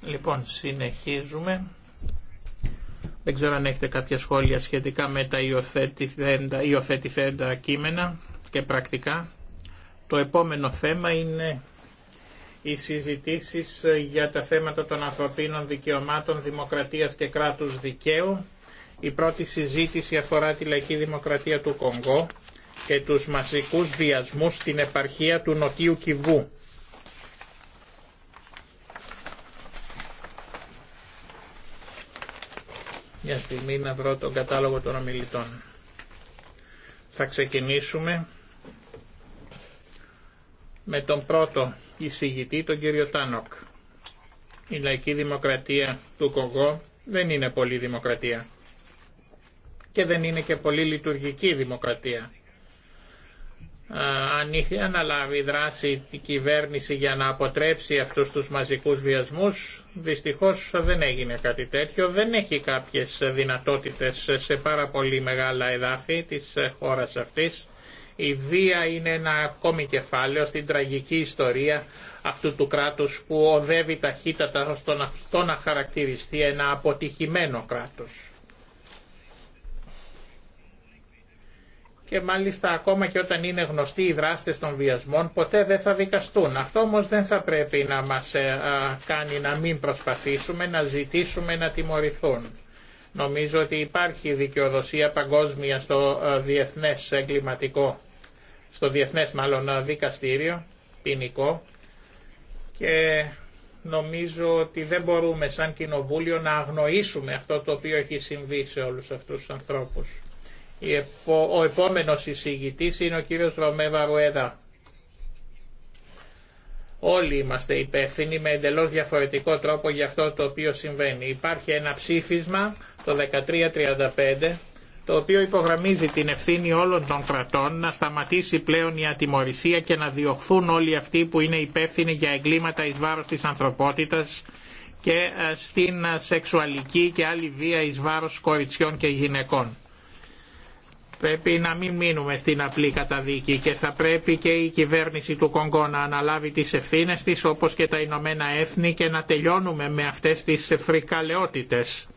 Λοιπόν, συνεχίζουμε. Δεν ξέρω αν έχετε κάποια σχόλια σχετικά με τα υιοθετηθέντα, υιοθετηθέντα κείμενα και πρακτικά. Το επόμενο θέμα είναι οι συζητήσεις για τα θέματα των ανθρωπίνων δικαιωμάτων, δημοκρατίας και κράτους δικαίου. Η πρώτη συζήτηση αφορά τη λαϊκή δημοκρατία του Κονγκό και τους μαζικούς βιασμούς στην επαρχία του Νοτιού Κιβού. Μια στιγμή να βρω τον κατάλογο των ομιλητών. Θα ξεκινήσουμε με τον πρώτο εισηγητή, τον κύριο Τάνοκ. Η λαϊκή δημοκρατία του ΚΟΓΟ δεν είναι πολύ δημοκρατία και δεν είναι και πολύ λειτουργική δημοκρατία αν είχε αναλάβει δράση η κυβέρνηση για να αποτρέψει αυτούς τους μαζικούς βιασμούς, δυστυχώς δεν έγινε κάτι τέτοιο, δεν έχει κάποιες δυνατότητες σε πάρα πολύ μεγάλα εδάφη της χώρας αυτής. Η βία είναι ένα ακόμη κεφάλαιο στην τραγική ιστορία αυτού του κράτους που οδεύει ταχύτατα στο να χαρακτηριστεί ένα αποτυχημένο κράτος. και μάλιστα ακόμα και όταν είναι γνωστοί οι δράστες των βιασμών ποτέ δεν θα δικαστούν. Αυτό όμως δεν θα πρέπει να μας ε, κάνει να μην προσπαθήσουμε να ζητήσουμε να τιμωρηθούν. Νομίζω ότι υπάρχει δικαιοδοσία παγκόσμια στο ε, διεθνές εγκληματικό, στο διεθνές μάλλον ε, δικαστήριο, ποινικό και νομίζω ότι δεν μπορούμε σαν κοινοβούλιο να αγνοήσουμε αυτό το οποίο έχει συμβεί σε όλους αυτούς τους ανθρώπους. Ο επόμενος εισηγητής είναι ο κύριος Ρωμέβα Ρουέδα. Όλοι είμαστε υπεύθυνοι με εντελώς διαφορετικό τρόπο για αυτό το οποίο συμβαίνει. Υπάρχει ένα ψήφισμα, το 1335, το οποίο υπογραμμίζει την ευθύνη όλων των κρατών να σταματήσει πλέον η ατιμορρησία και να διωχθούν όλοι αυτοί που είναι υπεύθυνοι για εγκλήματα εις βάρος της ανθρωπότητας και ε, στην ε, σεξουαλική και άλλη βία εις βάρος κοριτσιών και γυναικών. Πρέπει να μην μείνουμε στην απλή καταδίκη και θα πρέπει και η κυβέρνηση του Κονγκό να αναλάβει τις ευθύνες της όπως και τα Ηνωμένα Έθνη και να τελειώνουμε με αυτές τις φρικαλαιότητες.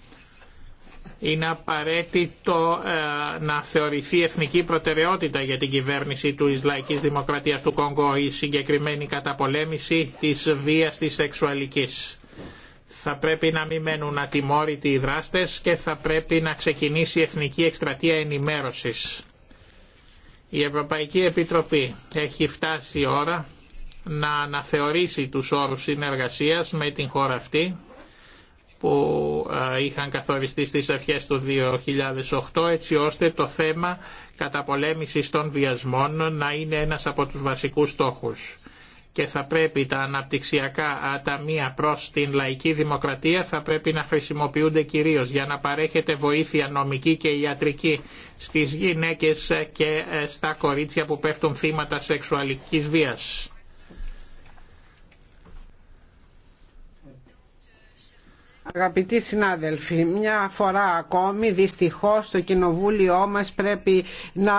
Είναι απαραίτητο ε, να θεωρηθεί εθνική προτεραιότητα για την κυβέρνηση του Ισλαϊκής Δημοκρατίας του Κονγκό η συγκεκριμένη καταπολέμηση της βίας της σεξουαλικής θα πρέπει να μην μένουν ατιμόρυτοι οι δράστες και θα πρέπει να ξεκινήσει η Εθνική Εκστρατεία Ενημέρωσης. Η Ευρωπαϊκή Επιτροπή έχει φτάσει η ώρα να αναθεωρήσει τους όρους συνεργασίας με την χώρα αυτή που είχαν καθοριστεί στις αρχές του 2008 έτσι ώστε το θέμα καταπολέμησης των βιασμών να είναι ένας από τους βασικούς στόχους και θα πρέπει τα αναπτυξιακά ταμεία προς την λαϊκή δημοκρατία θα πρέπει να χρησιμοποιούνται κυρίως για να παρέχεται βοήθεια νομική και ιατρική στις γυναίκες και ε, στα κορίτσια που πέφτουν θύματα σεξουαλικής βίας. Αγαπητοί συνάδελφοι, μια φορά ακόμη δυστυχώς το κοινοβούλιο μας πρέπει να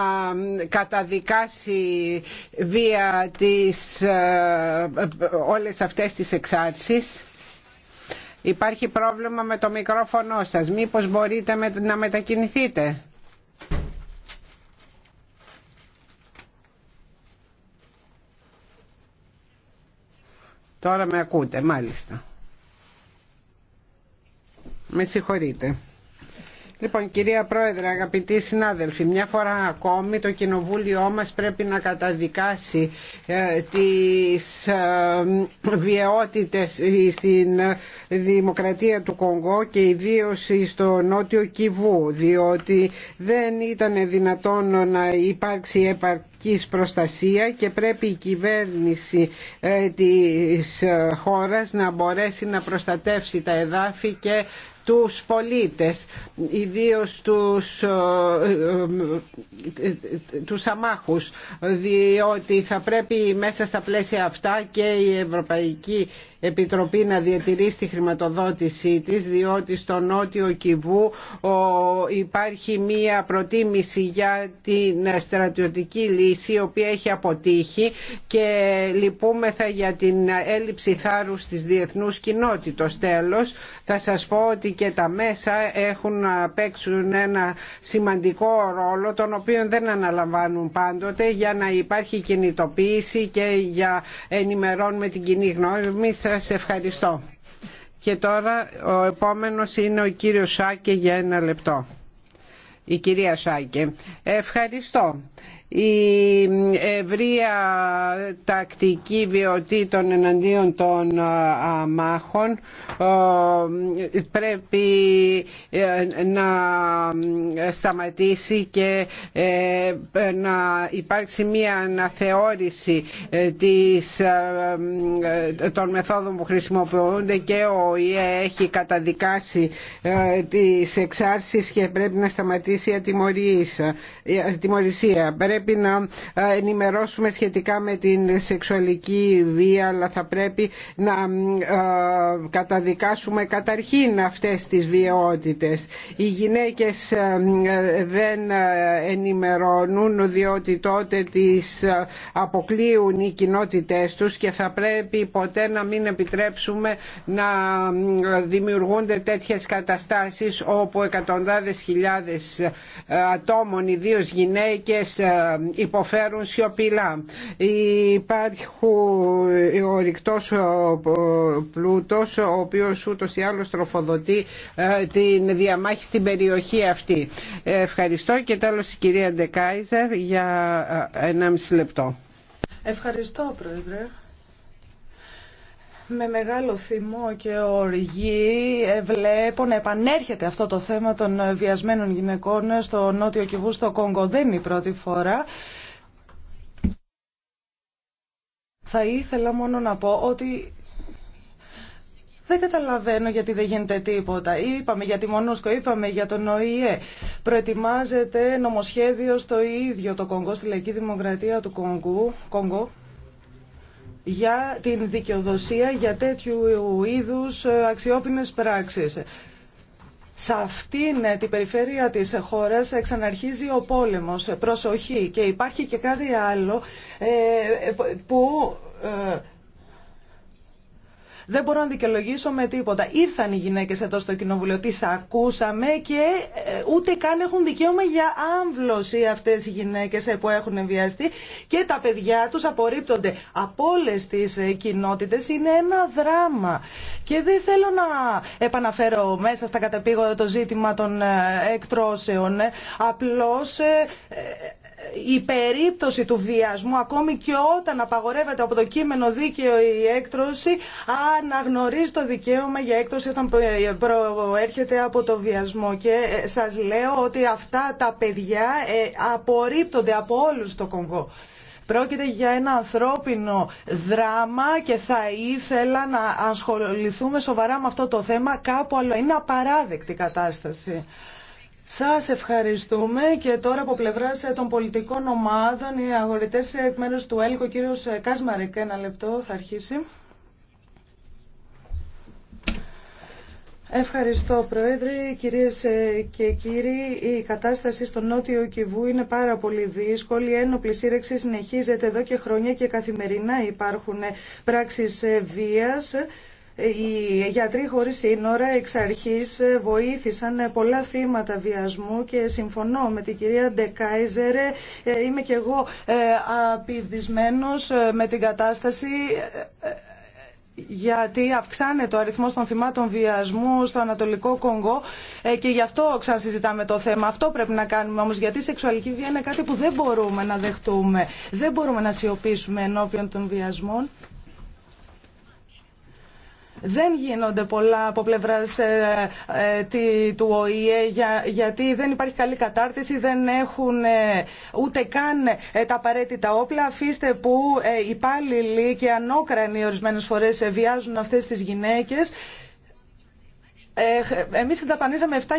καταδικάσει βία τις, ε, όλες αυτές τις εξάρσεις. Υπάρχει πρόβλημα με το μικρόφωνο σας. Μήπως μπορείτε να μετακινηθείτε. Τώρα με ακούτε, μάλιστα. Με συγχωρείτε. Λοιπόν, κυρία Πρόεδρε, αγαπητοί συνάδελφοι, μια φορά ακόμη το Κοινοβούλιο μας πρέπει να καταδικάσει ε, τις ε, βιαιότητες στην δημοκρατία του Κονγκό και ιδίως στο Νότιο Κιβού, διότι δεν ήταν δυνατόν να υπάρξει επαρκής προστασία και πρέπει η κυβέρνηση ε, της χώρας να μπορέσει να προστατεύσει τα εδάφη και τους πολίτες, ιδίως τους, ε, ε, ε, τους αμάχους, διότι θα πρέπει μέσα στα πλαίσια αυτά και η Ευρωπαϊκή Επιτροπή να διατηρήσει τη χρηματοδότησή της διότι στο Νότιο Κιβού υπάρχει μία προτίμηση για την στρατιωτική λύση η οποία έχει αποτύχει και λυπούμεθα για την έλλειψη θάρρους της διεθνούς κοινότητος. Τέλος θα σας πω ότι και τα μέσα έχουν να παίξουν ένα σημαντικό ρόλο τον οποίο δεν αναλαμβάνουν πάντοτε για να υπάρχει κινητοποίηση και για ενημερών με την κοινή γνώμη. Σας ευχαριστώ. Και τώρα ο επόμενος είναι ο κύριος Σάκε για ένα λεπτό. Η κυρία Σάκε. Ευχαριστώ η ευρεία τακτική των εναντίον των μάχων πρέπει ε, να σταματήσει και ε, να υπάρξει μια αναθεώρηση ε, της, των μεθόδων που χρησιμοποιούνται και ο ΙΕ έχει καταδικάσει τις εξάρσεις και πρέπει να σταματήσει η Πρέπει πρέπει να ε, ενημερώσουμε σχετικά με την σεξουαλική βία αλλά θα πρέπει να ε, καταδικάσουμε καταρχήν αυτές τις βιαιότητες. Οι γυναίκες ε, δεν ενημερώνουν διότι τότε τις αποκλείουν οι κοινότητές τους και θα πρέπει ποτέ να μην επιτρέψουμε να δημιουργούνται τέτοιες καταστάσεις όπου εκατοντάδες χιλιάδες ατόμων, ιδίως γυναίκες υποφέρουν σιωπηλά. Υπάρχει ο ρηκτός πλούτος ο οποίος ούτως ή άλλως τροφοδοτεί ε, την διαμάχη στην περιοχή αυτή. Ευχαριστώ και τέλος η κυρία Ντεκάιζερ για 1,5 ε, λεπτό. Ευχαριστώ Πρόεδρε με μεγάλο θυμό και οργή ε, βλέπω να επανέρχεται αυτό το θέμα των ε, βιασμένων γυναικών ε, στο Νότιο Κιβού, στο Κόγκο. Δεν είναι η πρώτη φορά. Θα ήθελα μόνο να πω ότι δεν καταλαβαίνω γιατί δεν γίνεται τίποτα. Είπαμε για τη Μονούσκο, είπαμε για τον ΟΗΕ. Προετοιμάζεται νομοσχέδιο στο ίδιο το Κόγκο, στη Λαϊκή Δημοκρατία του Κόγκο για την δικαιοδοσία για τέτοιου είδους ε, αξιόπινες πράξεις. Σε αυτήν ε, την περιφέρεια της χώρας εξαναρχίζει ο πόλεμος, ε, προσοχή και υπάρχει και κάτι άλλο που δεν μπορώ να δικαιολογήσω με τίποτα. Ήρθαν οι γυναίκες εδώ στο κοινοβουλίο, τι ακούσαμε και ε, ούτε καν έχουν δικαίωμα για άμβλωση αυτές οι γυναίκες ε, που έχουν εμβιαστεί και τα παιδιά τους απορρίπτονται από όλε τις ε, κοινότητες. Είναι ένα δράμα και δεν θέλω να επαναφέρω μέσα στα καταπήγοντα το ζήτημα των εκτρώσεων. Απλώς η περίπτωση του βιασμού, ακόμη και όταν απαγορεύεται από το κείμενο δίκαιο η έκτρωση, αναγνωρίζει το δικαίωμα για έκτρωση όταν προέρχεται από το βιασμό. Και ε, σας λέω ότι αυτά τα παιδιά ε, απορρίπτονται από όλους στο Κονγκό. Πρόκειται για ένα ανθρώπινο δράμα και θα ήθελα να ασχοληθούμε σοβαρά με αυτό το θέμα κάπου άλλο. Είναι απαράδεκτη κατάσταση. Σας ευχαριστούμε και τώρα από πλευράς ε, των πολιτικών ομάδων οι αγορητές ε, εκ μέρους του ΕΛΚΟ, κύριος ε, Κάσμαρικ, ένα λεπτό θα αρχίσει. Ευχαριστώ Πρόεδρε. Κυρίες και κύριοι, η κατάσταση στο Νότιο Κιβού είναι πάρα πολύ δύσκολη. Η ένοπλη σύρεξη συνεχίζεται εδώ και χρόνια και καθημερινά υπάρχουν πράξεις βίας. Οι γιατροί χωρίς σύνορα εξ αρχής βοήθησαν πολλά θύματα βιασμού και συμφωνώ με την κυρία Ντεκάιζερ. Ε, είμαι και εγώ ε, απειδισμένος ε, με την κατάσταση γιατί αυξάνεται ο αριθμό των θυμάτων βιασμού στο Ανατολικό Κονγκό και γι' αυτό ξανασυζητάμε το θέμα. Αυτό πρέπει να κάνουμε όμω, γιατί η σεξουαλική βία είναι κάτι που δεν μπορούμε να δεχτούμε. Δεν μπορούμε να σιωπήσουμε ενώπιον των βιασμών. Δεν γίνονται πολλά από πλευρά ε, ε, του ΟΗΕ γιατί δεν υπάρχει καλή κατάρτιση, δεν έχουν ε, ούτε καν τα απαραίτητα όπλα. Αφήστε που υπάλληλοι και ανώκρανοι ορισμένε φορέ βιάζουν αυτέ τι γυναίκε ε, εμείς συνταπανίσαμε 7.000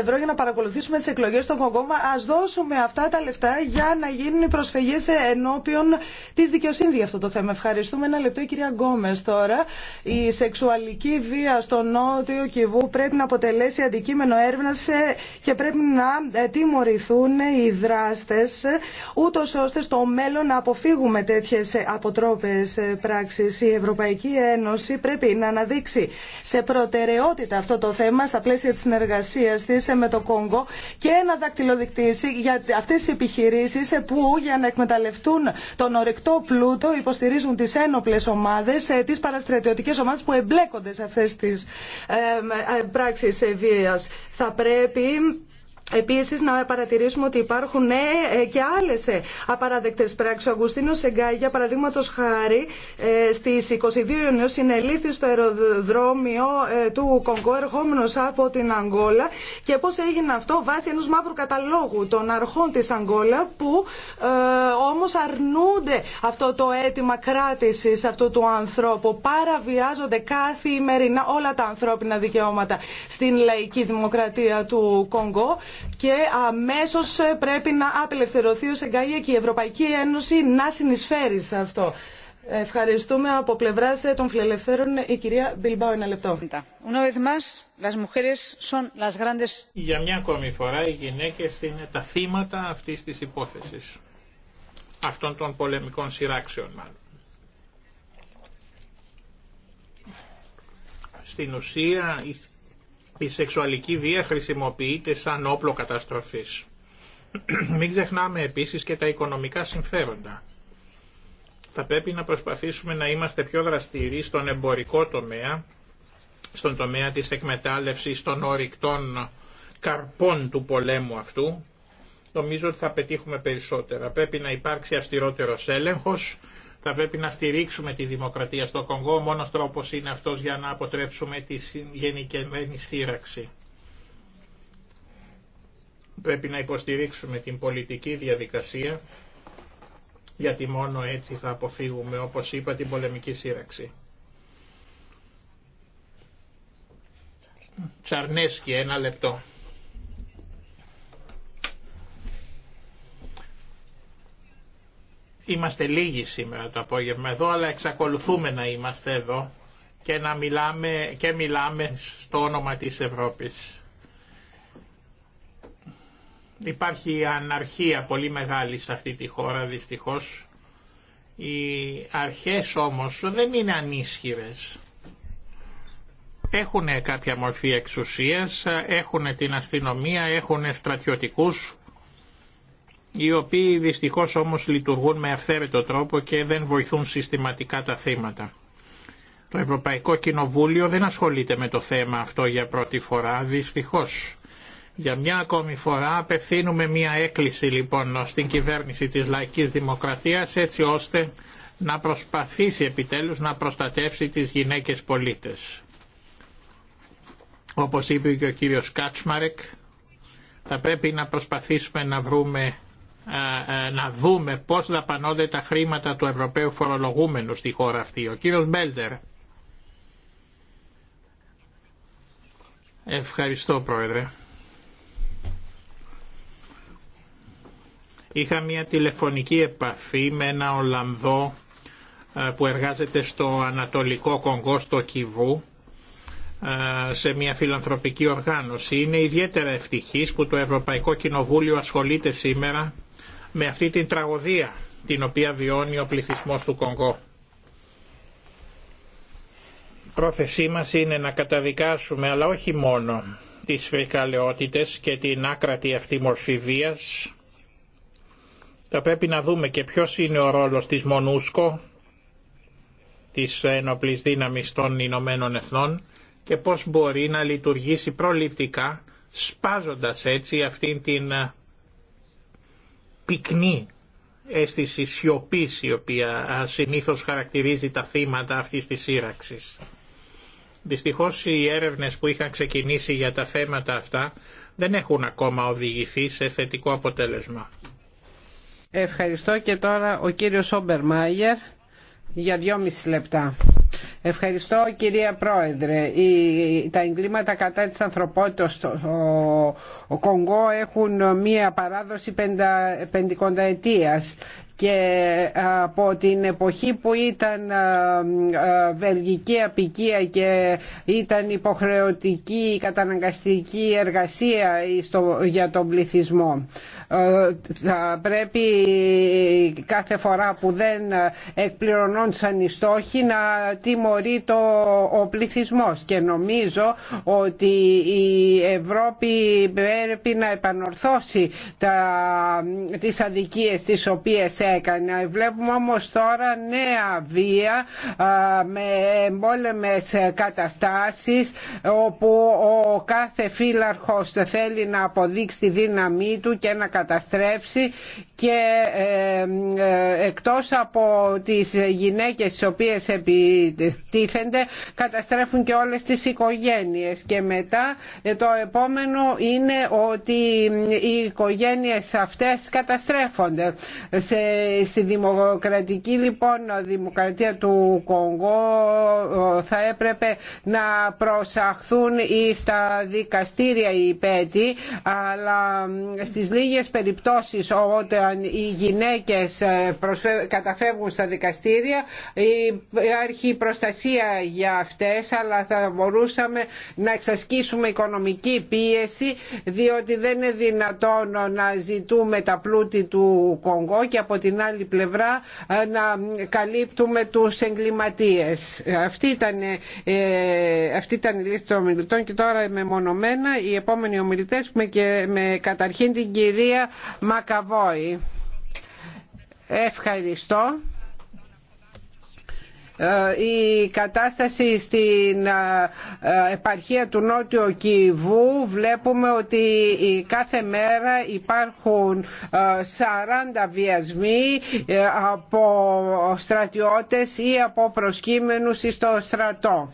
ευρώ για να παρακολουθήσουμε τις εκλογές στον Κογκόμα. Ας δώσουμε αυτά τα λεφτά για να γίνουν οι προσφυγές ενώπιον της δικαιοσύνης για αυτό το θέμα. Ευχαριστούμε. Ένα λεπτό η κυρία Γκόμες τώρα. Η σεξουαλική βία στο νότιο Κιβού πρέπει να αποτελέσει αντικείμενο έρευνα και πρέπει να ε, τιμωρηθούν οι δράστες ούτω ώστε στο μέλλον να αποφύγουμε τέτοιες αποτρόπες πράξεις. Η Ευρωπαϊκή Ένωση πρέπει να αναδείξει σε προτεραιότητα αυτό το θέμα στα πλαίσια της συνεργασίας της ε, με το Κόγκο και να δακτυλοδεικτήσει για αυτές τις επιχειρήσεις ε, που για να εκμεταλλευτούν τον ορεκτό πλούτο υποστηρίζουν τις ένοπλες ομάδες, ε, τις παραστρατιωτικές ομάδες που εμπλέκονται σε αυτές τις πράξεις βίας. Θα πρέπει Επίση, να παρατηρήσουμε ότι υπάρχουν ναι, ε, και άλλε απαράδεκτε πράξει. Ο Αγκουστίνο Σεγκάη, για παραδείγματο χάρη, ε, στι 22 Ιουνίου συνελήφθη στο αεροδρόμιο ε, του Κονγκό, ερχόμενο από την Αγγόλα. Και πώ έγινε αυτό, βάσει ενό μαύρου καταλόγου των αρχών τη Αγγόλα, που όμως όμω αρνούνται αυτό το αίτημα κράτηση αυτού του ανθρώπου. Παραβιάζονται καθημερινά όλα τα ανθρώπινα δικαιώματα στην λαϊκή δημοκρατία του Κονγκό και αμέσω πρέπει να απελευθερωθεί ο Σεγκάγια και η Ευρωπαϊκή Ένωση να συνεισφέρει σε αυτό. Ευχαριστούμε από πλευρά των φιλελευθέρων η κυρία Μπιλμπάου. Ένα λεπτό. Για μια ακόμη φορά οι γυναίκε είναι τα θύματα αυτή τη υπόθεση. Αυτών των πολεμικών σειράξεων μάλλον. στην ουσία η σεξουαλική βία χρησιμοποιείται σαν όπλο καταστροφής. Μην ξεχνάμε επίσης και τα οικονομικά συμφέροντα. Θα πρέπει να προσπαθήσουμε να είμαστε πιο δραστηροί στον εμπορικό τομέα, στον τομέα της εκμετάλλευσης των ορυκτών καρπών του πολέμου αυτού. Νομίζω ότι θα πετύχουμε περισσότερα. Πρέπει να υπάρξει αυστηρότερος έλεγχος, θα πρέπει να στηρίξουμε τη δημοκρατία στο Κονγκό. Ο μόνος τρόπος είναι αυτός για να αποτρέψουμε τη γενικευμένη σύραξη. Πρέπει να υποστηρίξουμε την πολιτική διαδικασία γιατί μόνο έτσι θα αποφύγουμε, όπως είπα, την πολεμική σύραξη. Τσαρνέσκι, ένα λεπτό. Είμαστε λίγοι σήμερα το απόγευμα εδώ, αλλά εξακολουθούμε να είμαστε εδώ και να μιλάμε και μιλάμε στο όνομα της Ευρώπης. Υπάρχει αναρχία πολύ μεγάλη σε αυτή τη χώρα δυστυχώς. Οι αρχές όμως δεν είναι ανίσχυρες. Έχουν κάποια μορφή εξουσίας, έχουν την αστυνομία, έχουν στρατιωτικούς οι οποίοι δυστυχώς όμως λειτουργούν με αυθαίρετο τρόπο και δεν βοηθούν συστηματικά τα θύματα. Το Ευρωπαϊκό Κοινοβούλιο δεν ασχολείται με το θέμα αυτό για πρώτη φορά, δυστυχώς. Για μια ακόμη φορά απευθύνουμε μια έκκληση λοιπόν στην κυβέρνηση της λαϊκής δημοκρατίας έτσι ώστε να προσπαθήσει επιτέλους να προστατεύσει τις γυναίκες πολίτες. Όπως είπε και ο κύριος Κάτσμαρεκ, θα πρέπει να προσπαθήσουμε να βρούμε να δούμε πώς δαπανώνται τα χρήματα του Ευρωπαίου φορολογούμενου στη χώρα αυτή. Ο κύριος Μπέλτερ. Ευχαριστώ Πρόεδρε. Είχα μια τηλεφωνική επαφή με ένα Ολλανδό που εργάζεται στο Ανατολικό Κονγκό στο Κιβού σε μια φιλανθρωπική οργάνωση. Είναι ιδιαίτερα ευτυχής που το Ευρωπαϊκό Κοινοβούλιο ασχολείται σήμερα με αυτή την τραγωδία την οποία βιώνει ο πληθυσμός του Κονγκό. Πρόθεσή μας είναι να καταδικάσουμε αλλά όχι μόνο τις φεκαλαιότητες και την άκρατη αυτή μορφή βίας. Θα πρέπει να δούμε και ποιος είναι ο ρόλος της Μονούσκο, της ενοπλής δύναμης των Ηνωμένων Εθνών και πώς μπορεί να λειτουργήσει προληπτικά σπάζοντας έτσι αυτήν την πυκνή αίσθηση σιωπή η οποία συνήθως χαρακτηρίζει τα θύματα αυτής της σύραξης. Δυστυχώς οι έρευνες που είχαν ξεκινήσει για τα θέματα αυτά δεν έχουν ακόμα οδηγηθεί σε θετικό αποτέλεσμα. Ευχαριστώ και τώρα ο κύριος Όμπερ Μάιερ για δυόμιση λεπτά. Ευχαριστώ κυρία Πρόεδρε. τα εγκλήματα κατά της ανθρωπότητας στο ο Κονγκό έχουν μία παράδοση πεντηκονταετίας και ε, από την εποχή που ήταν ε, ε, βελγική απικία και ήταν υποχρεωτική καταναγκαστική εργασία για τον πληθυσμό. Θα πρέπει κάθε φορά που δεν ε, εκπληρωνόντουσαν οι στόχοι να τιμωρεί το, ο πληθυσμός και νομίζω ότι η Ευρώπη πρέπει να επανορθώσει τα, τις αδικίες τις οποίες έκανε. Βλέπουμε όμως τώρα νέα βία με εμπόλεμες καταστάσεις όπου ο κάθε φύλαρχος θέλει να αποδείξει τη δύναμή του και να καταστρέψει και ε, ε, εκτός από τις γυναίκες τις οποίες επιτίθενται καταστρέφουν και όλες τις οικογένειες και μετά ε, το επόμενο είναι ότι ε, οι οικογένειες αυτές καταστρέφονται σε, στη δημοκρατική λοιπόν δημοκρατία του Κονγκό θα έπρεπε να προσαχθούν ή στα δικαστήρια οι υπέτη αλλά στις λίγες περιπτώσεις όταν οι γυναίκες ε, καταφεύγουν στα δικαστήρια υπάρχει προστασία για αυτές αλλά θα μπορούσαμε να εξασκήσουμε οικονομική πίεση διότι δεν είναι δυνατόν να ζητούμε τα πλούτη του Κονγκό και από την άλλη πλευρά ε, να καλύπτουμε τους εγκληματίες. Αυτή ήταν, ε, αυτή ήταν η λίστα των ομιλητών και τώρα μεμονωμένα οι επόμενοι ομιλητές και, με καταρχήν την κυρία Μακαβόη. Ευχαριστώ. Ε, η κατάσταση στην ε, ε, επαρχία του Νότιου Κιβού βλέπουμε ότι κάθε μέρα υπάρχουν 40 βιασμοί από στρατιώτες ή από προσκύμενους στο στρατό.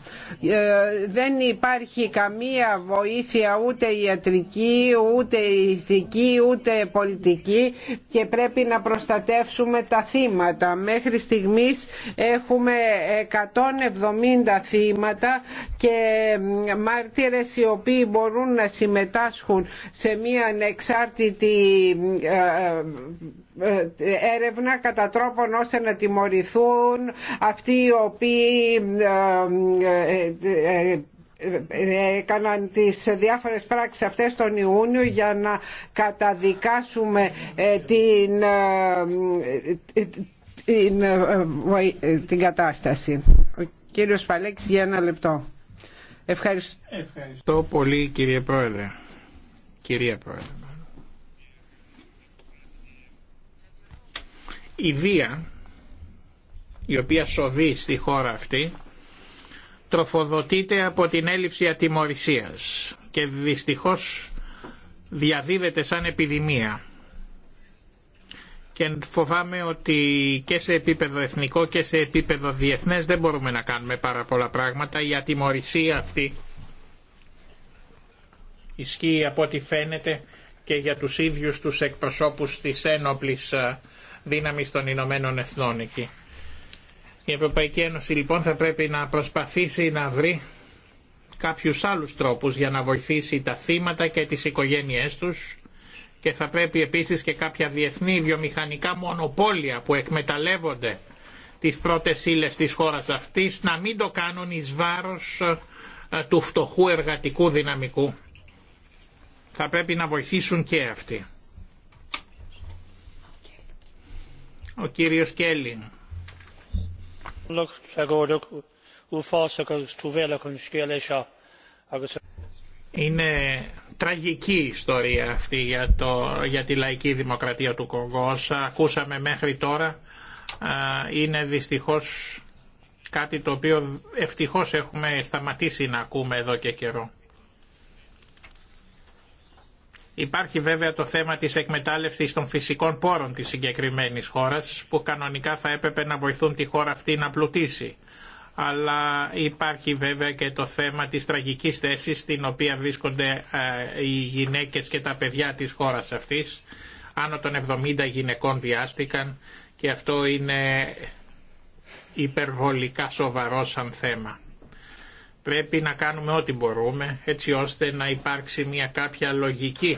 Δεν υπάρχει καμία βοήθεια ούτε ιατρική, ούτε ηθική, ούτε πολιτική και πρέπει να προστατεύσουμε τα θύματα. Μέχρι στιγμής έχουμε 170 θύματα και μάρτυρες οι οποίοι μπορούν να συμμετάσχουν σε μια ανεξάρτητη ε, ε, ε, έρευνα κατά τρόπον ώστε να τιμωρηθούν αυτοί οι οποίοι έκαναν τις διάφορες πράξεις αυτές τον Ιούνιο για να καταδικάσουμε την, την, ε, ε, την κατάσταση. Ο κύριος Παλέξης για ένα λεπτό. Ευχαριστώ. πολύ κύριε Πρόεδρε. Κυρία Πρόεδρε. Η βία η οποία σοβεί στη χώρα αυτή τροφοδοτείται από την έλλειψη ατιμορρησίας και δυστυχώς διαδίδεται σαν επιδημία και φοβάμαι ότι και σε επίπεδο εθνικό και σε επίπεδο διεθνές δεν μπορούμε να κάνουμε πάρα πολλά πράγματα. Η ατιμορρησία αυτή ισχύει από ό,τι φαίνεται και για τους ίδιους τους εκπροσώπους της ένοπλης ε, δύναμης των Ηνωμένων Εθνών εκεί. Η Ευρωπαϊκή Ένωση λοιπόν θα πρέπει να προσπαθήσει να βρει κάποιους άλλους τρόπους για να βοηθήσει τα θύματα και τις οικογένειές τους και θα πρέπει επίσης και κάποια διεθνή βιομηχανικά μονοπόλια που εκμεταλλεύονται τις πρώτες ύλε της χώρας αυτής να μην το κάνουν εις βάρος του φτωχού εργατικού δυναμικού. Θα πρέπει να βοηθήσουν και αυτοί. Ο κύριος Κέλλιν. Είναι τραγική ιστορία αυτή για, το, για τη λαϊκή δημοκρατία του Κογκό, Όσα ακούσαμε μέχρι τώρα είναι δυστυχώς κάτι το οποίο ευτυχώς έχουμε σταματήσει να ακούμε εδώ και καιρό. Υπάρχει βέβαια το θέμα της εκμετάλλευσης των φυσικών πόρων της συγκεκριμένης χώρας που κανονικά θα έπρεπε να βοηθούν τη χώρα αυτή να πλουτίσει αλλά υπάρχει βέβαια και το θέμα της τραγικής θέσης στην οποία βρίσκονται ε, οι γυναίκες και τα παιδιά της χώρας αυτής. Άνω των 70 γυναικών βιάστηκαν και αυτό είναι υπερβολικά σοβαρό σαν θέμα. Πρέπει να κάνουμε ό,τι μπορούμε έτσι ώστε να υπάρξει μια κάποια λογική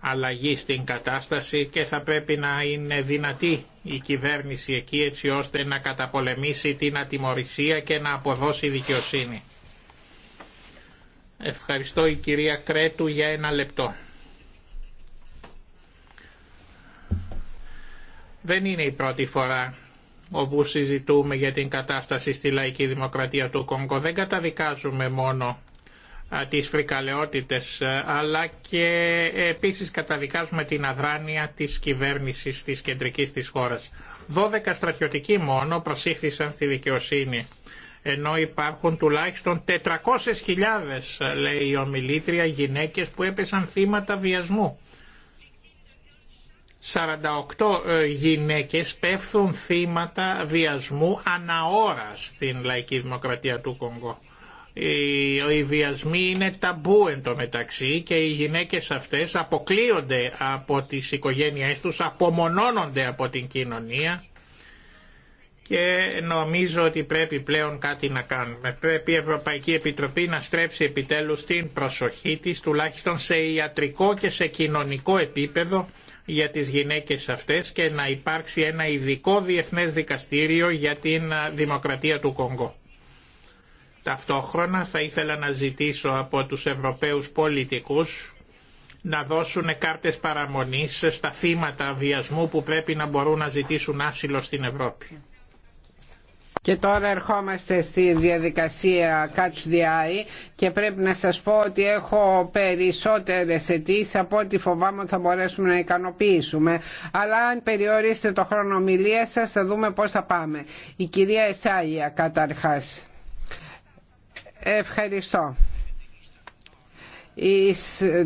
αλλαγή στην κατάσταση και θα πρέπει να είναι δυνατή η κυβέρνηση εκεί έτσι ώστε να καταπολεμήσει την ατιμορρησία και να αποδώσει δικαιοσύνη. Ευχαριστώ η κυρία Κρέτου για ένα λεπτό. Δεν είναι η πρώτη φορά όπου συζητούμε για την κατάσταση στη λαϊκή δημοκρατία του Κόγκο. Δεν καταδικάζουμε μόνο τις φρικαλαιότητες ε, αλλά και επίσης καταδικάζουμε την αδράνεια της κυβέρνησης της κεντρικής της χώρας. 12 στρατιωτικοί μόνο προσήχθησαν στη δικαιοσύνη ενώ υπάρχουν τουλάχιστον 400.000 ε, λέει η ομιλήτρια γυναίκες που έπεσαν θύματα βιασμού. 48 ε, γυναίκες πέφτουν θύματα βιασμού αναώρα στην λαϊκή δημοκρατία του Κονγκό. Οι βιασμοί είναι ταμπού εν τω μεταξύ και οι γυναίκες αυτές αποκλείονται από τις οικογένειές τους, απομονώνονται από την κοινωνία και νομίζω ότι πρέπει πλέον κάτι να κάνουμε. Πρέπει η Ευρωπαϊκή Επιτροπή να στρέψει επιτέλους την προσοχή της, τουλάχιστον σε ιατρικό και σε κοινωνικό επίπεδο για τις γυναίκες αυτές και να υπάρξει ένα ειδικό διεθνές δικαστήριο για την ε, δημοκρατία του Κονγκό. Ταυτόχρονα θα ήθελα να ζητήσω από τους Ευρωπαίους πολιτικούς να δώσουν κάρτες παραμονής στα θύματα βιασμού που πρέπει να μπορούν να ζητήσουν άσυλο στην Ευρώπη. Και τώρα ερχόμαστε στη διαδικασία Catch the Eye και πρέπει να σας πω ότι έχω περισσότερες αιτήσει από ό,τι φοβάμαι ότι θα μπορέσουμε να ικανοποιήσουμε. Αλλά αν περιορίσετε το χρόνο ομιλία σας θα δούμε πώς θα πάμε. Η κυρία Εσάγια καταρχάς. Ευχαριστώ. Ε,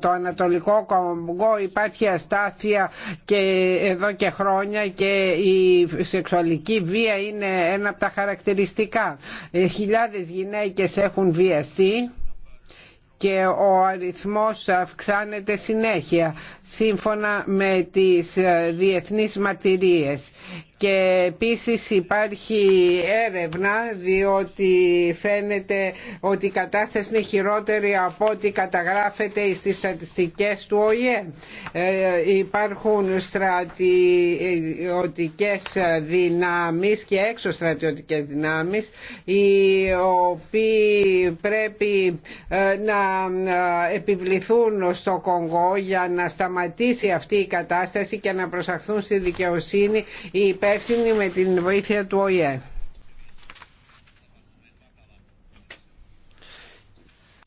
το Ανατολικό Κομβό υπάρχει αστάθεια και εδώ και χρόνια και η σεξουαλική βία είναι ένα από τα χαρακτηριστικά. Ε, χιλιάδες γυναίκες έχουν βιαστεί και ο αριθμός αυξάνεται συνέχεια σύμφωνα με τις ε, διεθνείς μαρτυρίες και επίσης υπάρχει έρευνα διότι φαίνεται ότι η κατάσταση είναι χειρότερη από ό,τι καταγράφεται στις στατιστικές του ΟΗΕ. Ε, υπάρχουν στρατιωτικές δυνάμεις και έξω στρατιωτικές δυνάμεις οι οποίοι πρέπει ε, να ε, επιβληθούν στο Κονγκό για να σταματήσει αυτή η κατάσταση και να προσαχθούν στη δικαιοσύνη οι υπεύθυνοι με την βοήθεια του ΟΗΕ.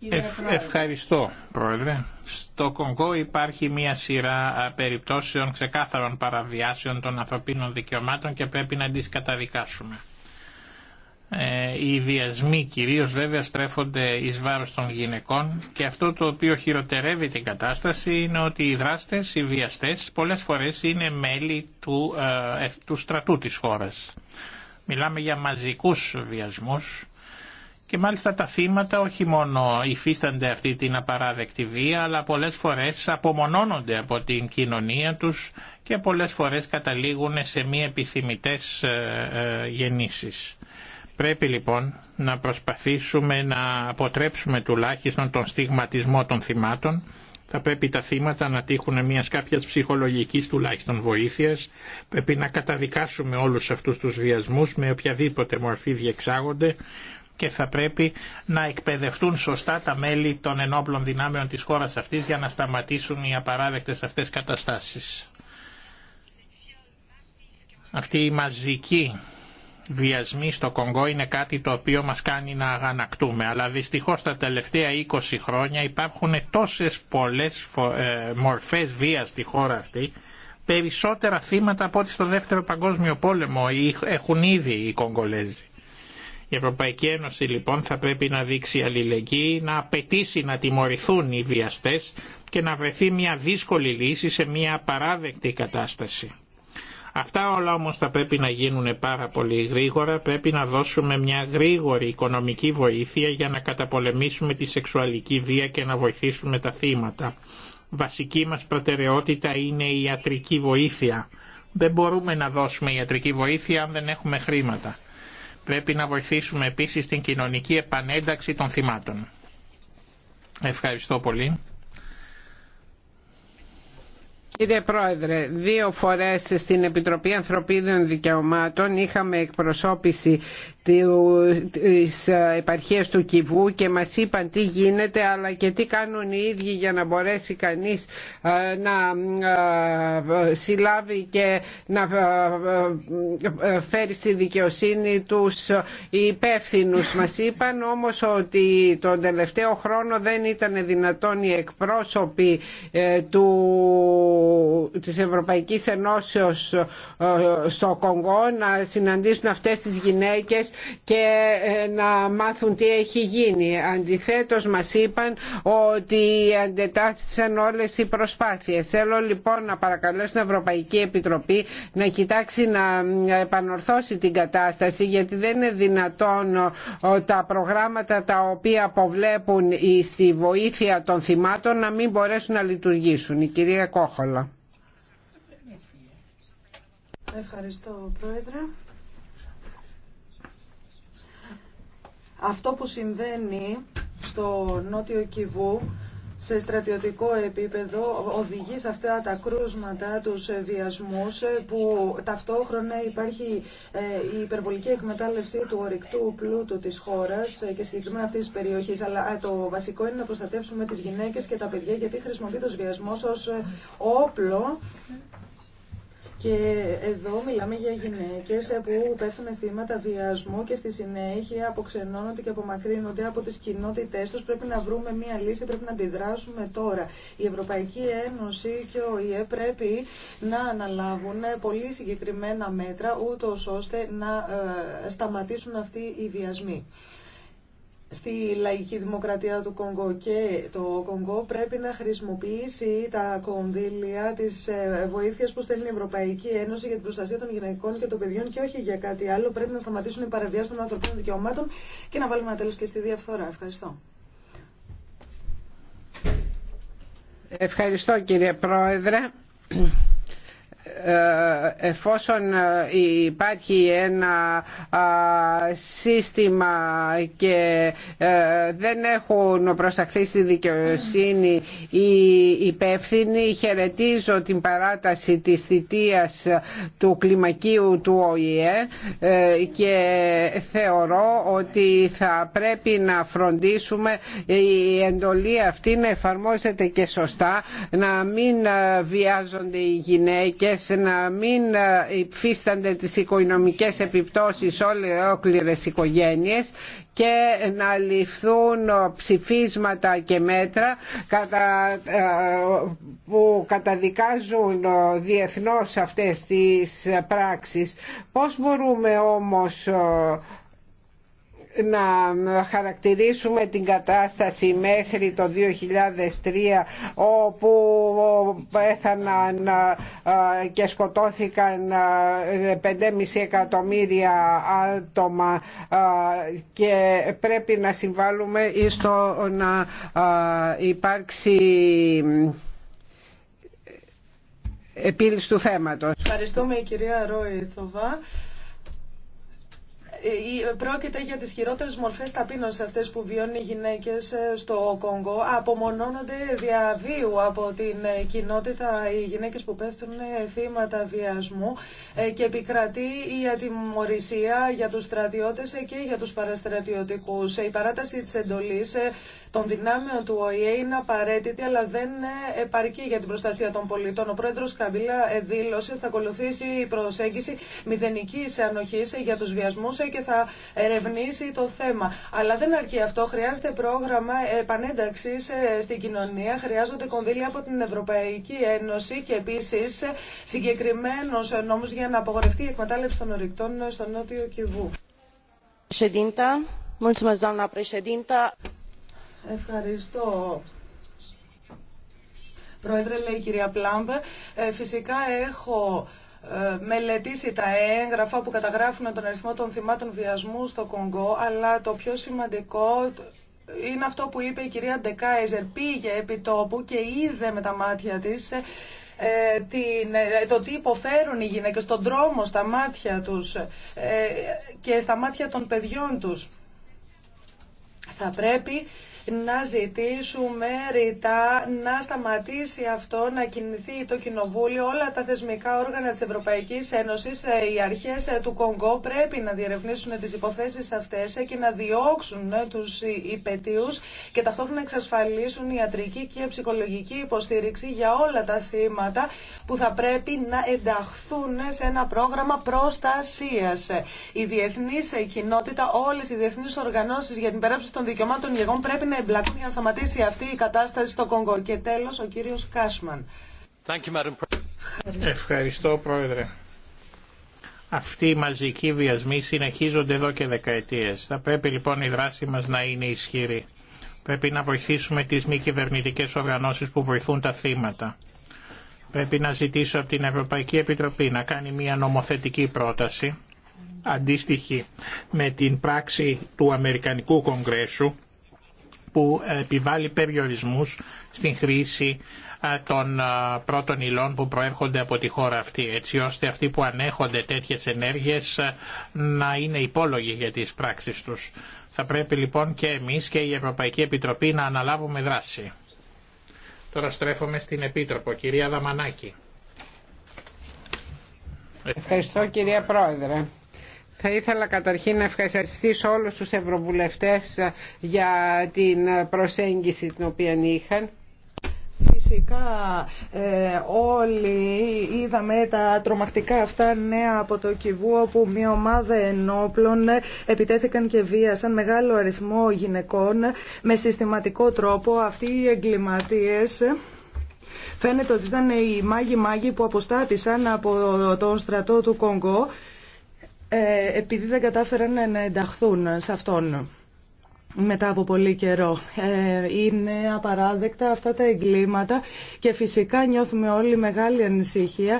Ε, ευχαριστώ, Πρόεδρε. Στο Κονγκό υπάρχει μια σειρά περιπτώσεων ξεκάθαρων παραβιάσεων των ανθρωπίνων δικαιωμάτων και πρέπει να τις καταδικάσουμε. Ε, οι βιασμοί κυρίως βέβαια στρέφονται εις βάρος των γυναικών και αυτό το οποίο χειροτερεύει την κατάσταση είναι ότι οι δράστες, οι βιαστές πολλές φορές είναι μέλη του, ε, ε, του στρατού της χώρας. Μιλάμε για μαζικούς βιασμούς και μάλιστα τα θύματα όχι μόνο υφίστανται αυτή την απαράδεκτη βία αλλά πολλές φορές απομονώνονται από την κοινωνία τους και πολλές φορές καταλήγουν σε μη επιθυμητές ε, γεννήσεις. Πρέπει λοιπόν να προσπαθήσουμε να αποτρέψουμε τουλάχιστον τον στιγματισμό των θυμάτων. Θα πρέπει τα θύματα να τύχουν μιας κάποιας ψυχολογικής τουλάχιστον βοήθειας. Πρέπει να καταδικάσουμε όλους αυτούς τους βιασμούς με οποιαδήποτε μορφή διεξάγονται και θα πρέπει να εκπαιδευτούν σωστά τα μέλη των ενόπλων δυνάμεων της χώρας αυτής για να σταματήσουν οι απαράδεκτες αυτές καταστάσεις. Αυτή η μαζική βιασμοί στο Κονγκό είναι κάτι το οποίο μας κάνει να αγανακτούμε. Αλλά δυστυχώς τα τελευταία 20 χρόνια υπάρχουν τόσες πολλές ε, μορφές βίας στη χώρα αυτή, περισσότερα θύματα από ό,τι στο Δεύτερο Παγκόσμιο Πόλεμο έχουν ήδη οι Κογκολέζοι. Η Ευρωπαϊκή Ένωση λοιπόν θα πρέπει να δείξει αλληλεγγύη, να απαιτήσει να τιμωρηθούν οι βιαστές και να βρεθεί μια δύσκολη λύση σε μια απαράδεκτη κατάσταση. Αυτά όλα όμως θα πρέπει να γίνουν πάρα πολύ γρήγορα, πρέπει να δώσουμε μια γρήγορη οικονομική βοήθεια για να καταπολεμήσουμε τη σεξουαλική βία και να βοηθήσουμε τα θύματα. Βασική μας προτεραιότητα είναι η ιατρική βοήθεια. Δεν μπορούμε να δώσουμε ιατρική βοήθεια αν δεν έχουμε χρήματα. Πρέπει να βοηθήσουμε επίσης την κοινωνική επανένταξη των θυμάτων. Ευχαριστώ πολύ. Κύριε Πρόεδρε, δύο φορές στην Επιτροπή Ανθρωπίνων Δικαιωμάτων είχαμε εκπροσώπηση τις ε, επαρχίες του Κιβού και μας είπαν τι γίνεται αλλά και τι κάνουν οι ίδιοι για να μπορέσει κανείς ε, να ε, συλλάβει και να φέρει στη δικαιοσύνη τους υπεύθυνους. Μας είπαν όμως ότι τον τελευταίο χρόνο δεν ήταν δυνατόν οι εκπρόσωποι του, της Ευρωπαϊκής Ενώσεως στο Κονγκό να συναντήσουν αυτές τις γυναίκες και ε, να μάθουν τι έχει γίνει. Αντιθέτως μας είπαν ότι αντετάθησαν όλες οι προσπάθειες. Θέλω λοιπόν να παρακαλέσω την Ευρωπαϊκή Επιτροπή να κοιτάξει να ε, επανορθώσει την κατάσταση γιατί δεν είναι δυνατόν τα προγράμματα τα οποία αποβλέπουν στη βοήθεια των θυμάτων να μην μπορέσουν να λειτουργήσουν. Η κυρία Κόχολα. Ευχαριστώ, Πρόεδρε. αυτό που συμβαίνει στο Νότιο Κιβού σε στρατιωτικό επίπεδο οδηγεί σε αυτά τα κρούσματα, τους βιασμούς που ταυτόχρονα υπάρχει ε, η υπερβολική εκμετάλλευση του ορυκτού πλούτου της χώρας ε, και συγκεκριμένα αυτής της περιοχής. Αλλά ε, το βασικό είναι να προστατεύσουμε τις γυναίκες και τα παιδιά γιατί χρησιμοποιεί το βιασμός ως όπλο και εδώ μιλάμε για γυναίκες που πέφτουν θύματα βιασμού και στη συνέχεια αποξενώνονται και απομακρύνονται από τις κοινότητές τους. Πρέπει να βρούμε μία λύση, πρέπει να αντιδράσουμε τώρα. Η Ευρωπαϊκή Ένωση και ο ΙΕ πρέπει να αναλάβουν πολύ συγκεκριμένα μέτρα, ούτως ώστε να ε, σταματήσουν αυτοί οι βιασμοί στη λαϊκή δημοκρατία του Κονγκό και το Κονγκό πρέπει να χρησιμοποιήσει τα κονδύλια της ε, βοήθειας που στέλνει η Ευρωπαϊκή Ένωση για την προστασία των γυναικών και των παιδιών και όχι για κάτι άλλο. Πρέπει να σταματήσουν οι παραβιάσεις των ανθρωπίνων δικαιωμάτων και να βάλουμε ένα τέλος και στη διαφθορά. Ευχαριστώ. Ευχαριστώ κύριε Πρόεδρε. Ε, εφόσον ε, υπάρχει ένα σύστημα και ε, δεν έχουν προσταχθεί στη δικαιοσύνη οι υπεύθυνοι χαιρετίζω την παράταση της θητείας του κλιμακίου του ΟΗΕ και θεωρώ ότι θα πρέπει να φροντίσουμε η εντολή αυτή να εφαρμόζεται και σωστά να μην βιάζονται οι γυναίκες να μην ε, υφίστανται τις οικονομικές επιπτώσεις όλες οι οικογένειες και να ληφθούν ψηφίσματα και μέτρα ε, που καταδικάζουν ε, διεθνώς αυτές τις πράξεις. Πώς μπορούμε όμως να χαρακτηρίσουμε την κατάσταση μέχρι το 2003 όπου πέθαναν και σκοτώθηκαν 5,5 εκατομμύρια άτομα και πρέπει να συμβάλλουμε στο να υπάρξει επίλυση του θέματος. Ευχαριστούμε η κυρία Ρόη ε, ε, πρόκειται για τις χειρότερες μορφές ταπείνωσης αυτές που βιώνουν οι γυναίκες ε, στο Κόγκο. Απομονώνονται διαβίου από την κοινότητα οι γυναίκες που πέφτουν θύματα βιασμού και επικρατεί η ατιμορρησία για τους στρατιώτες και για τους παραστρατιωτικούς. Η παράταση της εντολής των δυνάμεων του ΟΗΕ είναι απαραίτητη αλλά δεν επαρκεί για την προστασία των πολιτών. Ο πρόεδρος Καμπίλα δήλωσε ότι θα ακολουθήσει η προσέγγιση μηδενικής ανοχής για τους βιασμούς και θα ερευνήσει το θέμα. Αλλά δεν αρκεί αυτό. Χρειάζεται πρόγραμμα επανένταξη ε, στην κοινωνία. Χρειάζονται κονδύλια από την Ευρωπαϊκή Ένωση και επίση συγκεκριμένο νόμο για να απογορευτεί η εκμετάλλευση των ορεικτών στο νότιο Κιβού. Ευχαριστώ. Πρόεδρε, λέει η κυρία Πλάμπε, φυσικά έχω ε, μελετήσει τα έγγραφα που καταγράφουν τον αριθμό των θυμάτων βιασμού στο Κονγκό, αλλά το πιο σημαντικό είναι αυτό που είπε η κυρία Ντεκάιζερ. Πήγε επί τόπου και είδε με τα μάτια της ε, ε, το τι υποφέρουν οι γυναίκες, τον τρόμο στα μάτια τους και στα μάτια των παιδιών τους. Θα πρέπει να ζητήσουμε ρητά να σταματήσει αυτό, να κινηθεί το Κοινοβούλιο, όλα τα θεσμικά όργανα της Ευρωπαϊκής Ένωσης, ε, οι αρχές ε, του Κονγκό πρέπει να διερευνήσουν τις υποθέσεις αυτές ε, και να διώξουν τους υπετίους και ταυτόχρονα εξασφαλίσουν ιατρική και ψυχολογική υποστήριξη για όλα τα θύματα που θα πρέπει να ενταχθούν σε ένα πρόγραμμα προστασίας. Η διεθνής κοινότητα, όλες οι διεθνείς οργανώσεις για την περάψη των δικαιωμάτων πρέπει να εμπλακούν για να σταματήσει αυτή η κατάσταση στο Κονγκό. Και τέλος ο κύριος Κάσμαν. Ευχαριστώ Πρόεδρε. Αυτοί οι μαζικοί βιασμοί συνεχίζονται εδώ και δεκαετίες. Θα πρέπει λοιπόν η δράση μας να είναι ισχυρή. Πρέπει να βοηθήσουμε τις μη κυβερνητικέ οργανώσεις που βοηθούν τα θύματα. Πρέπει να ζητήσω από την Ευρωπαϊκή Επιτροπή να κάνει μια νομοθετική πρόταση αντίστοιχη με την πράξη του Αμερικανικού Κογκρέσου που επιβάλλει περιορισμούς στην χρήση των πρώτων υλών που προέρχονται από τη χώρα αυτή, έτσι ώστε αυτοί που ανέχονται τέτοιες ενέργειες να είναι υπόλογοι για τις πράξεις τους. Θα πρέπει λοιπόν και εμείς και η Ευρωπαϊκή Επιτροπή να αναλάβουμε δράση. Τώρα στρέφομαι στην Επίτροπο, κυρία Δαμανάκη. Ευχαριστώ κυρία Πρόεδρε. Θα ήθελα καταρχήν να ευχαριστήσω όλους τους ευρωβουλευτές για την προσέγγιση την οποία είχαν. Φυσικά ε, όλοι είδαμε τα τρομακτικά αυτά νέα από το Κιβού όπου μια ομάδα ενόπλων επιτέθηκαν και βίασαν μεγάλο αριθμό γυναικών με συστηματικό τρόπο. Αυτοί οι εγκληματίες... Φαίνεται ότι ήταν οι μάγοι μάγοι που αποστάτησαν από τον στρατό του Κονγκό ε, επειδή δεν κατάφεραν να ενταχθούν σε αυτόν μετά από πολύ καιρό. Ε, είναι απαράδεκτα αυτά τα εγκλήματα και φυσικά νιώθουμε όλοι μεγάλη ανησυχία.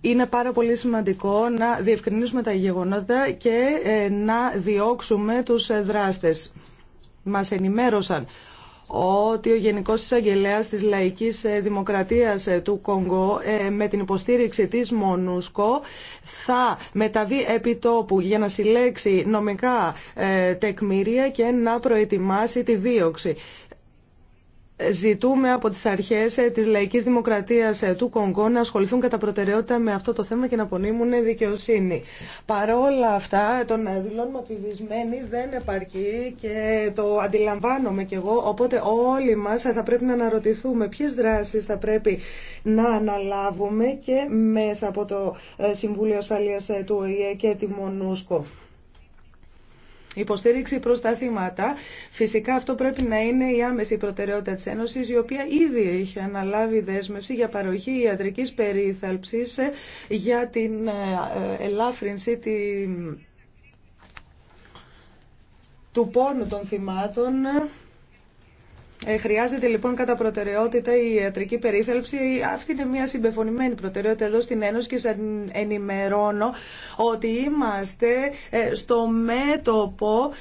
Είναι πάρα πολύ σημαντικό να διευκρινίσουμε τα γεγονότα και ε, να διώξουμε τους δράστες. Μας ενημέρωσαν ότι ο Γενικός Εισαγγελέα της Λαϊκής Δημοκρατίας ε, του Κονγκό ε, με την υποστήριξη της Μονούσκο θα μεταβεί επί τόπου για να συλλέξει νομικά ε, τεκμήρια και να προετοιμάσει τη δίωξη. Ζητούμε από τις αρχές ε, της λαϊκής δημοκρατίας ε, του Κονγκό να ασχοληθούν κατά προτεραιότητα με αυτό το θέμα και να απονείμουν δικαιοσύνη. Παρόλα αυτά, τον δηλώνουμε απειβισμένοι δεν επαρκεί και το αντιλαμβάνομαι κι εγώ, οπότε όλοι μας θα πρέπει να αναρωτηθούμε ποιες δράσεις θα πρέπει να αναλάβουμε και μέσα από το ε, Συμβούλιο Ασφαλείας του ΟΗΕ και τη Μονούσκο. Υποστήριξη προς τα θύματα. Φυσικά αυτό πρέπει να είναι η άμεση προτεραιότητα της Ένωσης, η οποία ήδη έχει αναλάβει δέσμευση για παροχή ιατρικής περίθαλψης, ε, για την ε, ελάφρυνση του πόνου των θυμάτων. Ε, ε, χρειάζεται λοιπόν κατά προτεραιότητα η ιατρική περίθαλψη. Αυτή είναι μια συμπεφωνημένη προτεραιότητα εδώ στην Ένωση και σα ενημερώνω ότι είμαστε ε, στο μέτωπο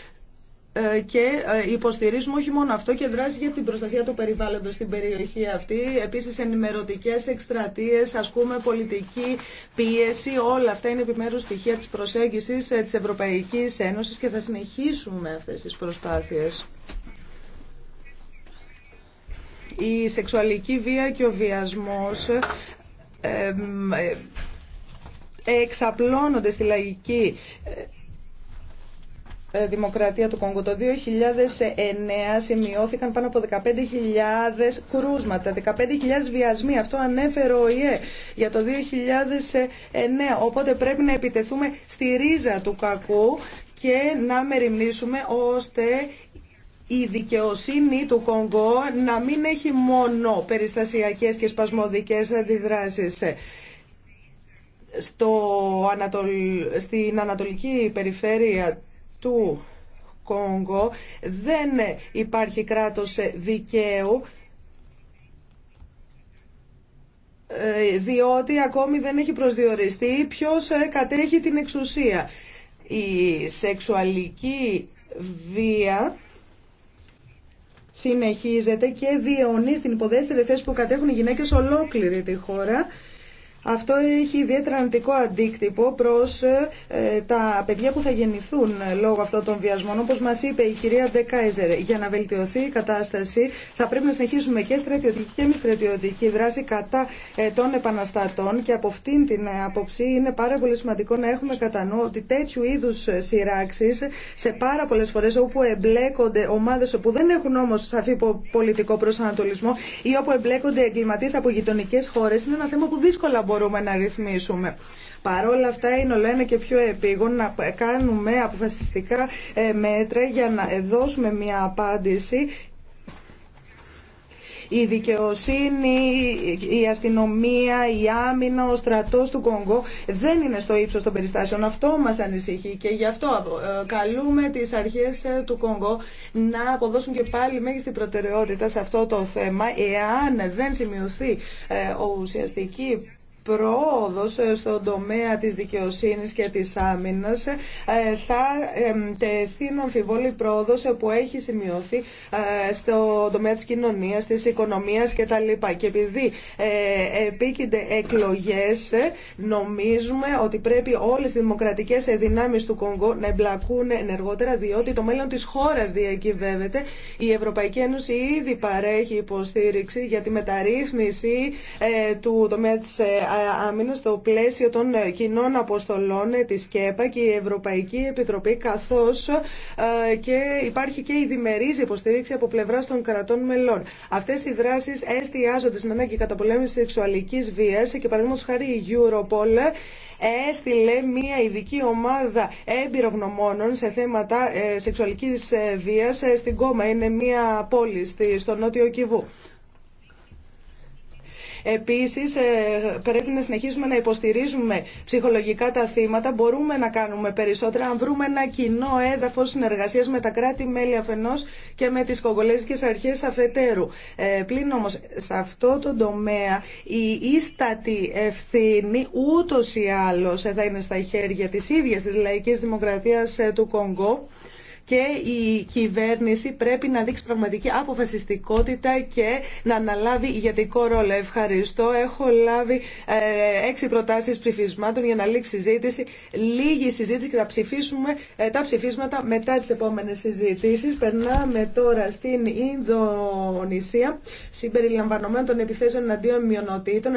ε, και υποστηρίζουμε όχι μόνο αυτό και δράση για την προστασία του περιβάλλοντος στην περιοχή αυτή. Επίσης ενημερωτικές εκστρατείες, ασκούμε πολιτική πίεση. Όλα αυτά είναι επιμέρους στοιχεία της προσέγγισης της Ευρωπαϊκής Ένωσης και θα συνεχίσουμε αυτές τις προσπάθειες. Η σεξουαλική βία και ο βιασμός εξαπλώνονται στη λαϊκή ε, Δημοκρατία του Κόγκο. Το 2009 σημειώθηκαν πάνω από 15.000 κρούσματα, 15.000 βιασμοί. Αυτό ανέφερε ο ΙΕ για το 2009. Οπότε πρέπει να επιτεθούμε στη ρίζα του κακού και να μεριμνήσουμε ώστε η δικαιοσύνη του Κονγκό να μην έχει μόνο περιστασιακές και σπασμωδικές αντιδράσεις. Στο Στην ανατολική περιφέρεια του Κόγκο δεν υπάρχει κράτος δικαίου διότι ακόμη δεν έχει προσδιοριστεί ποιος κατέχει την εξουσία. Η σεξουαλική βία συνεχίζεται και διαιωνεί στην υποδέστερη θέση που κατέχουν οι γυναίκες ολόκληρη τη χώρα. Αυτό έχει ιδιαίτερα αντικό αντίκτυπο προς ε, τα παιδιά που θα γεννηθούν λόγω αυτών των βιασμών, όπως μας είπε η κυρία Ντεκάιζερ. Για να βελτιωθεί η κατάσταση θα πρέπει να συνεχίσουμε και στρατιωτική και μη στρατιωτική δράση κατά ε, των επαναστατών και από αυτήν την άποψη είναι πάρα πολύ σημαντικό να έχουμε κατά νου ότι τέτοιου είδους σειράξεις σε πάρα πολλές φορές όπου εμπλέκονται ομάδες που δεν έχουν όμως σαφή πολιτικό προσανατολισμό ή όπου εμπλέκονται εγκληματίες από γειτονικέ χώρες είναι ένα θέμα που δύσκολα μπορεί μπορούμε να Παρόλα αυτά είναι ολένα και πιο επίγον να κάνουμε αποφασιστικά ε, μέτρα για να δώσουμε μια απάντηση η δικαιοσύνη, η αστυνομία, η άμυνα, ο στρατός του Κονγκό δεν είναι στο ύψο των περιστάσεων. Αυτό μας ανησυχεί και γι' αυτό ε, καλούμε τις αρχές ε, του Κονγκό να αποδώσουν και πάλι μέγιστη προτεραιότητα σε αυτό το θέμα. Εάν δεν σημειωθεί ουσιαστική Πρόοδο ε, στον τομέα της δικαιοσύνης και της άμυνας ε, θα τεθεί να αμφιβόλει πρόοδος ε, που έχει σημειωθεί στον τομέα της κοινωνίας, της οικονομίας κτλ. Και επειδή επίκυνται εκλογές νομίζουμε ότι πρέπει όλες οι δημοκρατικές δυνάμεις του Κονγκό να εμπλακούν ενεργότερα διότι το μέλλον της χώρας διακυβεύεται. Η Ευρωπαϊκή Ένωση ήδη παρέχει υποστήριξη για τη μεταρρύθμιση του τομέα της στο πλαίσιο των κοινών αποστολών της ΚΕΠΑ και η Ευρωπαϊκή Επιτροπή καθώς ε, και υπάρχει και η διμερής υποστήριξη από πλευρά των κρατών μελών. Αυτές οι δράσεις εστιάζονται στην ανάγκη καταπολέμησης σεξουαλικής βίας και παραδείγματος χάρη η Europol έστειλε μια ειδική ομάδα εμπειρογνωμόνων σε θέματα ε, σεξουαλικής ε, βίας στην Κόμα. Είναι μια πόλη στο νότιο Κιβού. Επίσης ε, πρέπει να συνεχίσουμε να υποστηρίζουμε ψυχολογικά τα θύματα. Μπορούμε να κάνουμε περισσότερα αν βρούμε ένα κοινό έδαφος συνεργασίας με τα κράτη-μέλη αφενός και με τις κογκολέζικες αρχές αφετέρου. Ε, πλην όμως σε αυτό το τομέα η ίστατη ευθύνη ούτως ή άλλως θα είναι στα χέρια της ίδιας της λαϊκής δημοκρατίας ε, του Κονγκό και η κυβέρνηση πρέπει να δείξει πραγματική αποφασιστικότητα και να αναλάβει ηγετικό ρόλο. Ευχαριστώ. Έχω λάβει ε, έξι προτάσεις ψηφισμάτων για να λήξει συζήτηση. Λίγη συζήτηση και θα ψηφίσουμε ε, τα ψηφίσματα μετά τις επόμενες συζητήσεις. Περνάμε τώρα στην Ινδονησία συμπεριλαμβανομένων των επιθέσεων εναντίον μειονοτήτων